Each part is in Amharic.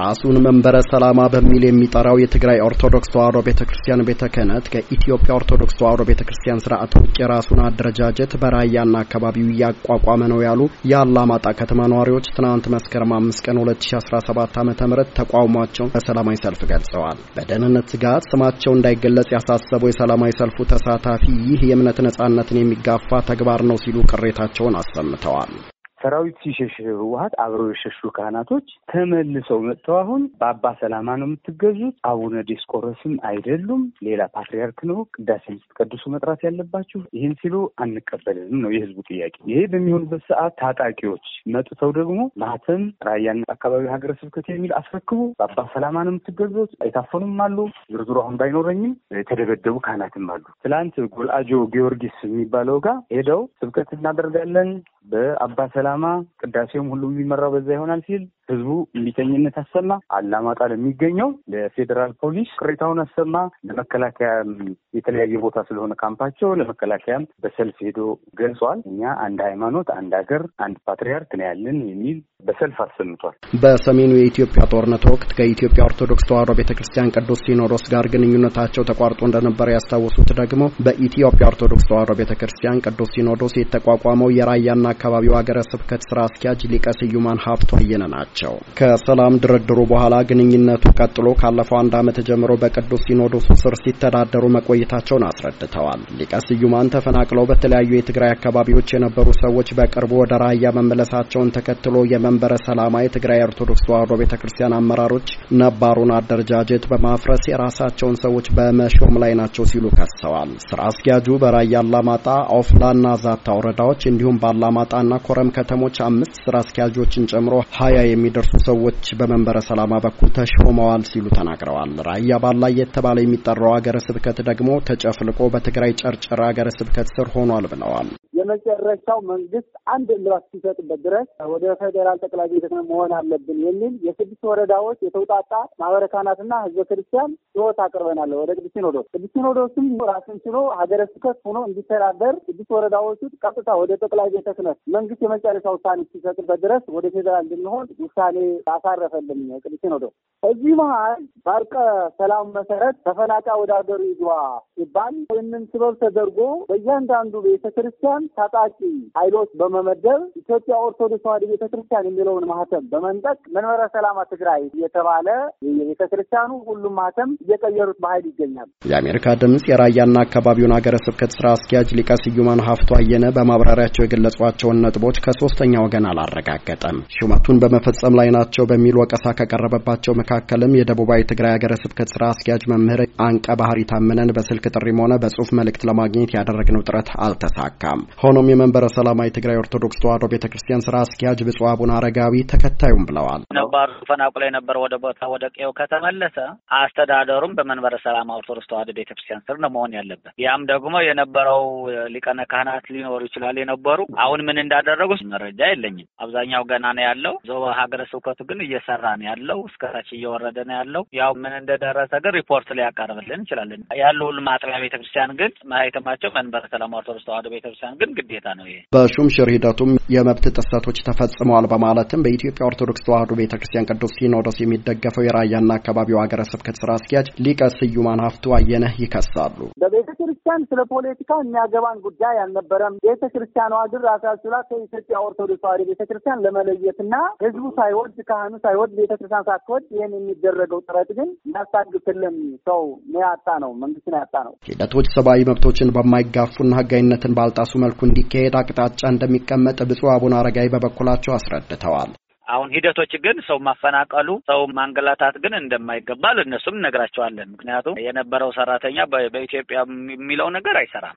ራሱን መንበረ ሰላማ በሚል የሚጠራው የትግራይ ኦርቶዶክስ ተዋሕዶ ቤተ ክርስቲያን ቤተ ክህነት ከኢትዮጵያ ኦርቶዶክስ ተዋህዶ ቤተ ክርስቲያን ስርዓት ውጭ የራሱን አደረጃጀት በራያና አካባቢው እያቋቋመ ነው ያሉ የአላማጣ ከተማ ነዋሪዎች ትናንት መስከረም አምስት ቀን 2017 ዓ ም ተቋውሟቸውን በሰላማዊ ሰልፍ ገልጸዋል። በደህንነት ስጋት ስማቸው እንዳይገለጽ ያሳሰበው የሰላማዊ ሰልፉ ተሳታፊ ይህ የእምነት ነጻነትን የሚጋፋ ተግባር ነው ሲሉ ቅሬታቸውን አሰምተዋል። ሰራዊት ሲሸሽ ህወሀት አብረው የሸሹ ካህናቶች ተመልሰው መጥተው አሁን በአባ ሰላማ ነው የምትገዙት፣ አቡነ ዲስቆረስም አይደሉም፣ ሌላ ፓትሪያርክ ነው፣ ቅዳሴ ስትቀድሱ መጥራት ያለባችሁ ይህን ሲሉ አንቀበልንም ነው የህዝቡ ጥያቄ። ይሄ በሚሆንበት ሰዓት ታጣቂዎች መጥተው ደግሞ ማተም ራያን አካባቢ ሀገረ ስብከት የሚል አስረክቡ፣ በአባ ሰላማ ነው የምትገዙት፣ አይታፈኑም አሉ፣ ዝርዝሩ አሁን ባይኖረኝም የተደበደቡ ካህናትም አሉ። ትላንት ጎልአጆ ጊዮርጊስ የሚባለው ጋር ሄደው ስብከት እናደርጋለን በአባ ሰላማ ቅዳሴውም ሁሉም የሚመራው በዛ ይሆናል ሲል ህዝቡ እምቢተኝነት አሰማ። አላማጣ ለሚገኘው ለፌዴራል ፖሊስ ቅሬታውን አሰማ። ለመከላከያም የተለያየ ቦታ ስለሆነ ካምፓቸው ለመከላከያም በሰልፍ ሄዶ ገልጿል። እኛ አንድ ሃይማኖት፣ አንድ ሀገር፣ አንድ ፓትሪያርክ ነው ያለን የሚል በሰልፍ አሰምቷል። በሰሜኑ የኢትዮጵያ ጦርነት ወቅት ከኢትዮጵያ ኦርቶዶክስ ተዋሕዶ ቤተ ክርስቲያን ቅዱስ ሲኖዶስ ጋር ግንኙነታቸው ተቋርጦ እንደነበረ ያስታወሱት ደግሞ በኢትዮጵያ ኦርቶዶክስ ተዋሕዶ ቤተ ክርስቲያን ቅዱስ ሲኖዶስ የተቋቋመው የራያና አካባቢው ሀገረ ስብከት ስራ አስኪያጅ ሊቀ ስዩማን አየነ ናቸው። ናቸው። ከሰላም ድርድሩ በኋላ ግንኙነቱ ቀጥሎ ካለፈው አንድ ዓመት ጀምሮ በቅዱስ ሲኖዶሱ ስር ሲተዳደሩ መቆየታቸውን አስረድተዋል። ሊቀ ስዩማን ተፈናቅለው በተለያዩ የትግራይ አካባቢዎች የነበሩ ሰዎች በቅርቡ ወደ ራያ መመለሳቸውን ተከትሎ የመንበረ ሰላማ የትግራይ ኦርቶዶክስ ተዋሕዶ ቤተ ክርስቲያን አመራሮች ነባሩን አደረጃጀት በማፍረስ የራሳቸውን ሰዎች በመሾም ላይ ናቸው ሲሉ ከሰዋል። ስራ አስኪያጁ በራያ አላማጣ፣ ኦፍላና ዛታ ወረዳዎች እንዲሁም በአላማጣና ኮረም ከተሞች አምስት ስራ አስኪያጆችን ጨምሮ ሀያ የሚ የሚደርሱ ሰዎች በመንበረ ሰላማ በኩል ተሾመዋል ሲሉ ተናግረዋል። ራያ ባላ እየተባለ የሚጠራው አገረ ስብከት ደግሞ ተጨፍልቆ በትግራይ ጨርጭር አገረ ስብከት ስር ሆኗል ብለዋል። የመጨረሻው መንግስት አንድ እልባት ሲሰጥበት ድረስ ወደ ፌዴራል ጠቅላይ ቤተ ክህነት መሆን አለብን የሚል የስድስት ወረዳዎች የተውጣጣ ማህበረ ካህናትና ህዝበ ክርስቲያን ህይወት አቅርበናል ወደ ቅዱስ ሲኖዶስ። ቅዱስ ሲኖዶስም ራስን ችሎ ሀገረ ስብከት ሆኖ እንዲተዳደር ስድስት ወረዳዎቹ ቀጥታ ወደ ጠቅላይ ቤተ ክህነት መንግስት የመጨረሻ ውሳኔ ሲሰጥበት ድረስ ወደ ፌዴራል እንድንሆን ውሳኔ አሳረፈልን ቅዱስ ሲኖዶስ። እዚህ መሀል ባርቀ ሰላም መሰረት ተፈናቃ ወደ ሀገሩ ይግባ ሲባል ይህንን ስበብ ተደርጎ በእያንዳንዱ ቤተክርስቲያን ታጣቂ ኃይሎች በመመደብ ኢትዮጵያ ኦርቶዶክስ ተዋሕዶ ቤተክርስቲያን የሚለውን ማህተም በመንጠቅ መንበረ ሰላማ ትግራይ የተባለ የቤተክርስቲያኑ ሁሉም ማህተም እየቀየሩት በኃይል ይገኛል። የአሜሪካ ድምጽ የራያና አካባቢውን ሀገረ ስብከት ስራ አስኪያጅ ሊቀ ስዩማን ሀፍቶ አየነ በማብራሪያቸው የገለጿቸውን ነጥቦች ከሶስተኛ ወገን አላረጋገጠም። ሹመቱን በመፈጸም ላይ ናቸው በሚል ወቀሳ ከቀረበባቸው መካከልም የደቡባዊ ትግራይ ሀገረ ስብከት ስራ አስኪያጅ መምህር አንቀ ባህሪ ታምነን በስልክ ጥሪም ሆነ በጽሁፍ መልእክት ለማግኘት ያደረግነው ጥረት አልተሳካም። ሆኖም የመንበረ ሰላማ የትግራይ ኦርቶዶክስ ተዋህዶ ቤተ ክርስቲያን ስራ አስኪያጅ ብፁዕ አቡነ አረጋዊ ተከታዩም ብለዋል። ነባሩ ፈናቁላ የነበረ ወደ ቦታ ወደ ቀዬው ከተመለሰ አስተዳደሩም በመንበረ ሰላማ ኦርቶዶክስ ተዋህዶ ቤተ ክርስቲያን ስር ነው መሆን ያለበት። ያም ደግሞ የነበረው ሊቀነ ካህናት ሊኖሩ ይችላል የነበሩ አሁን ምን እንዳደረጉ መረጃ የለኝም። አብዛኛው ገና ነው ያለው። ዞበ ሀገረ ስብከቱ ግን እየሰራ ነው ያለው፣ እስከታች እየወረደ ነው ያለው። ያው ምን እንደደረሰ ግን ሪፖርት ሊያቀርብልን እንችላለን። ያሉ ሁሉም አጥቢያ ቤተክርስቲያን ግን ማህተማቸው መንበረ ሰላማ ኦርቶዶክስ ተዋህዶ ቤተክርስቲያን ግን የሁላችንም ግዴታ ነው። ይሄ በሹም ሽር ሂደቱም የመብት ጥሰቶች ተፈጽመዋል በማለትም በኢትዮጵያ ኦርቶዶክስ ተዋህዶ ቤተ ክርስቲያን ቅዱስ ሲኖዶስ የሚደገፈው የራያና አካባቢው ሀገረ ስብከት ስራ አስኪያጅ ሊቀ ስዩማን ሀፍቱ አየነህ ይከሳሉ። በቤተ ክርስቲያን ስለ ፖለቲካ የሚያገባን ጉዳይ አልነበረም። ቤተ ክርስቲያኗ ግን ራሳ ችላ ከኢትዮጵያ ኦርቶዶክስ ተዋህዶ ቤተ ክርስቲያን ለመለየትና ህዝቡ ሳይወድ ካህኑ ሳይወድ ቤተ ክርስቲያን ሳትወድ ይህን የሚደረገው ጥረት ግን ያስታግስልን ሰው ያጣ ነው፣ መንግስትን ያጣ ነው። ሂደቶች ሰብአዊ መብቶችን በማይጋፉና ህጋዊነትን ባልጣሱ መልኩ መልኩ እንዲካሄድ አቅጣጫ እንደሚቀመጥ ብፁዕ አቡነ አረጋዊ በበኩላቸው አስረድተዋል። አሁን ሂደቶች ግን ሰው ማፈናቀሉ ሰው ማንገላታት ግን እንደማይገባል እነሱም እነግራቸዋለን። ምክንያቱም የነበረው ሰራተኛ በኢትዮጵያ የሚለው ነገር አይሰራም።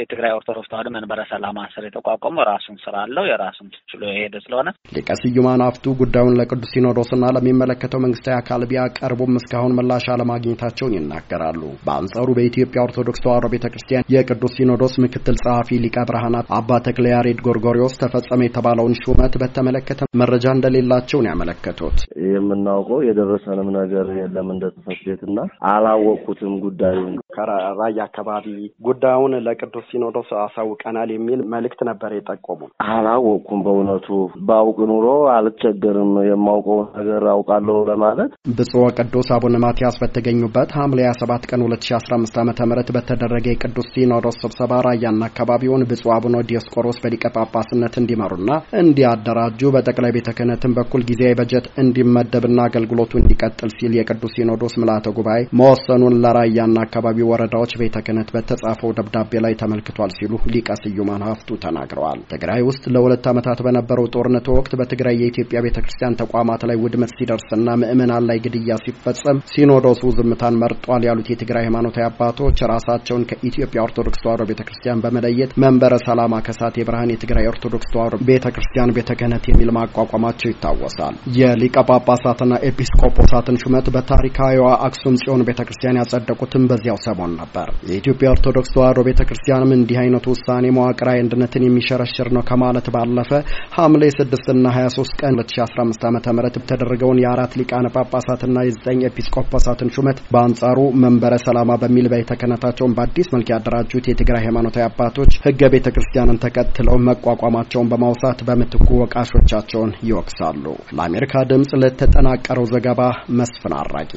የትግራይ ኦርቶዶክስ ተዋሕዶ መንበረ ሰላማ ስር የተቋቋመ ራሱን ስራ አለው የራሱን ችሎ የሄደ ስለሆነ ሊቀ ስዩማን አፍቱ ጉዳዩን ለቅዱስ ሲኖዶስና ለሚመለከተው መንግስታዊ አካል ቢያቀርቡም እስካሁን ምላሽ አለማግኘታቸውን ይናገራሉ። በአንጻሩ በኢትዮጵያ ኦርቶዶክስ ተዋሕዶ ቤተ ክርስቲያን የቅዱስ ሲኖዶስ ምክትል ጸሐፊ ሊቀ ብርሃናት አባ ተክለ ያሬድ ጎርጎሪዎስ ተፈጸመ የተባለውን ሹመት በተመለከተ መረጃ እንደሌላቸውን ያመለከቱት የምናውቀው የደረሰንም ነገር የለም እንደ ጽሕፈት ቤትና አላወቅኩትም ጉዳዩን ከራያ አካባቢ ጉዳዩን ቅዱስ ሲኖዶስ አሳውቀናል የሚል መልእክት ነበር የጠቆሙ። አላወቅኩም። በእውነቱ በአውቅ ኑሮ አልቸገርም። የማውቀውን ነገር አውቃለሁ ለማለት ብፁዕ ቅዱስ አቡነ ማትያስ በተገኙበት ሐምሌ 27 ቀን 2015 ዓ ም በተደረገ የቅዱስ ሲኖዶስ ስብሰባ ራያና አካባቢውን ብፁዕ አቡነ ዲዮስቆሮስ በሊቀ ጳጳስነት እንዲመሩና እንዲያደራጁ በጠቅላይ ቤተ ክህነትን በኩል ጊዜያዊ በጀት እንዲመደብና አገልግሎቱ እንዲቀጥል ሲል የቅዱስ ሲኖዶስ ምልአተ ጉባኤ መወሰኑን ለራያና አካባቢው ወረዳዎች ቤተ ክህነት በተጻፈው ደብዳቤ ላይ ተመልክቷል ሲሉ ሊቀ ስዩማን ሀፍቱ ተናግረዋል። ትግራይ ውስጥ ለሁለት ዓመታት በነበረው ጦርነት ወቅት በትግራይ የኢትዮጵያ ቤተ ክርስቲያን ተቋማት ላይ ውድመት ሲደርስና ምዕመናን ላይ ግድያ ሲፈጸም ሲኖዶሱ ዝምታን መርጧል ያሉት የትግራይ ሃይማኖታዊ አባቶች ራሳቸውን ከኢትዮጵያ ኦርቶዶክስ ተዋሕዶ ቤተ ክርስቲያን በመለየት መንበረ ሰላማ ከሳቴ ብርሃን የትግራይ ኦርቶዶክስ ተዋሕዶ ቤተ ክርስቲያን ቤተ ክህነት የሚል ማቋቋማቸው ይታወሳል። የሊቀ ጳጳሳትና ኤጲስቆጶሳትን ሹመት በታሪካዊዋ አክሱም ጽዮን ቤተ ክርስቲያን ያጸደቁትም በዚያው ሰሞን ነበር። የኢትዮጵያ ኦርቶዶክስ ተዋሕዶ ቤተ ክርስቲያንም እንዲህ አይነቱ ውሳኔ መዋቅራዊ አንድነትን የሚሸረሽር ነው ከማለት ባለፈ ሐምሌ ስድስትና ና ሀያ ሶስት ቀን ሁለት ሺ አስራ አምስት ዓመተ ምህረት የተደረገውን የአራት ሊቃነ ጳጳሳትና የዘጠኝ ኤጲስቆጶሳትን ሹመት በአንጻሩ መንበረ ሰላማ በሚል በይተ ክህነታቸውን በአዲስ መልክ ያደራጁት የትግራይ ሃይማኖታዊ አባቶች ህገ ቤተ ክርስቲያንን ተከትለው መቋቋማቸውን በማውሳት በምትኩ ወቃሾቻቸውን ይወቅሳሉ። ለአሜሪካ ድምጽ ለተጠናቀረው ዘገባ መስፍን አራቂ